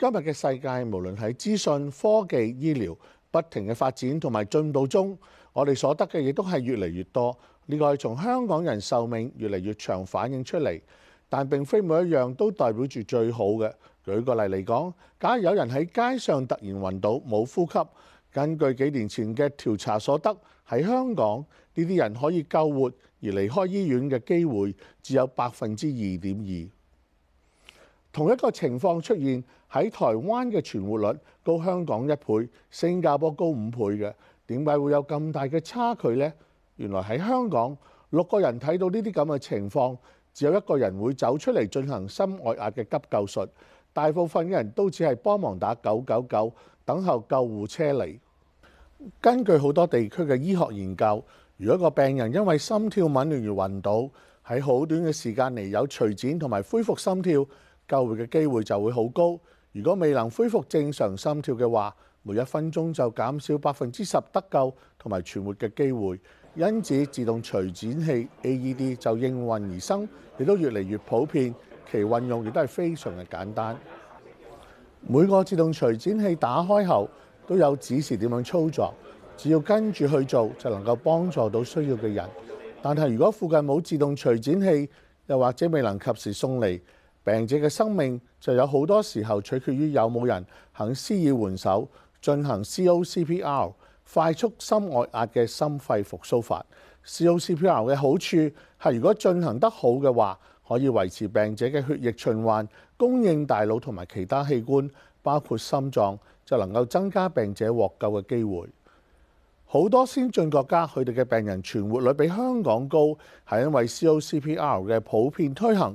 今日嘅世界，無論喺資訊、科技、醫療，不停嘅發展同埋進步中，我哋所得嘅嘢都係越嚟越多。呢個係從香港人壽命越嚟越長反映出嚟，但並非每一樣都代表住最好嘅。舉個例嚟講，假如有人喺街上突然暈倒冇呼吸，根據幾年前嘅調查所得，喺香港呢啲人可以救活而離開醫院嘅機會只有百分之二點二。同一個情況出現，喺台灣嘅存活率高香港一倍，新加坡高五倍嘅。點解會有咁大嘅差距呢？原來喺香港，六個人睇到呢啲咁嘅情況，只有一個人會走出嚟進行心外壓嘅急救術。大部分嘅人都只係幫忙打九九九，等候救護車嚟。根據好多地區嘅醫學研究，如果個病人因為心跳紊亂而暈倒，喺好短嘅時間嚟有除顫同埋恢復心跳，救回嘅機會就會好高。如果未能恢復正常心跳嘅話，每一分鐘就減少百分之十得救同埋存活嘅機會。因此，自動除顫器 AED 就應運而生，亦都越嚟越普遍。其運用亦都係非常嘅簡單。每個自動除顫器打開後都有指示點樣操作，只要跟住去做，就能夠幫助到需要嘅人。但係如果附近冇自動除顫器，又或者未能及時送嚟。病者嘅生命就有好多時候取決於有冇人肯施以援手進行 COCPR 快速心外壓嘅心肺復蘇法。COCPR 嘅好處，係如果進行得好嘅話，可以維持病者嘅血液循環，供應大腦同埋其他器官，包括心臟，就能夠增加病者獲救嘅機會。好多先進國家佢哋嘅病人存活率比香港高，係因為 COCPR 嘅普遍推行。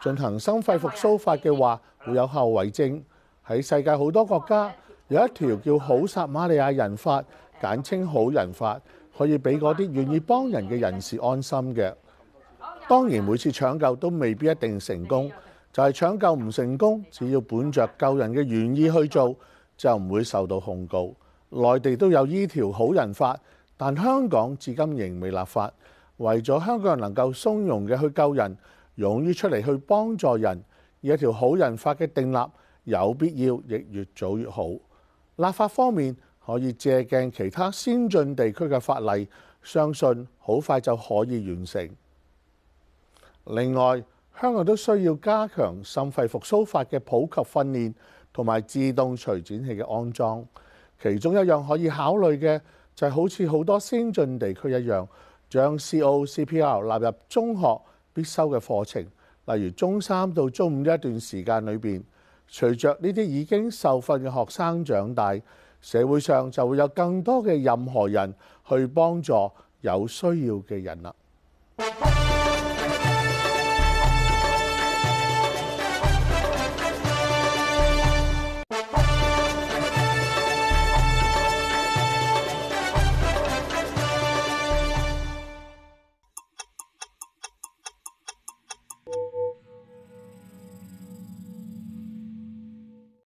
進行心肺復甦法嘅話會有後遺症。喺世界好多國家，有一條叫好撒瑪利亞人法，簡稱好人法，可以俾嗰啲願意幫人嘅人士安心嘅。當然每次搶救都未必一定成功，就係搶救唔成功，只要本着救人嘅願意去做，就唔會受到控告。內地都有依條好人法，但香港至今仍未立法，為咗香港人能夠鬆容嘅去救人。勇於出嚟去幫助人，以一條好人法嘅訂立有必要，亦越早越好。立法方面可以借鏡其他先進地區嘅法例，相信好快就可以完成。另外，香港都需要加強心肺復甦法嘅普及訓練同埋自動除顫器嘅安裝，其中一樣可以考慮嘅就係、是、好似好多先進地區一樣，將 COCPR 納入中學。必修嘅課程，例如中三到中五一段時間裏面，隨着呢啲已經受訓嘅學生長大，社會上就會有更多嘅任何人去幫助有需要嘅人啦。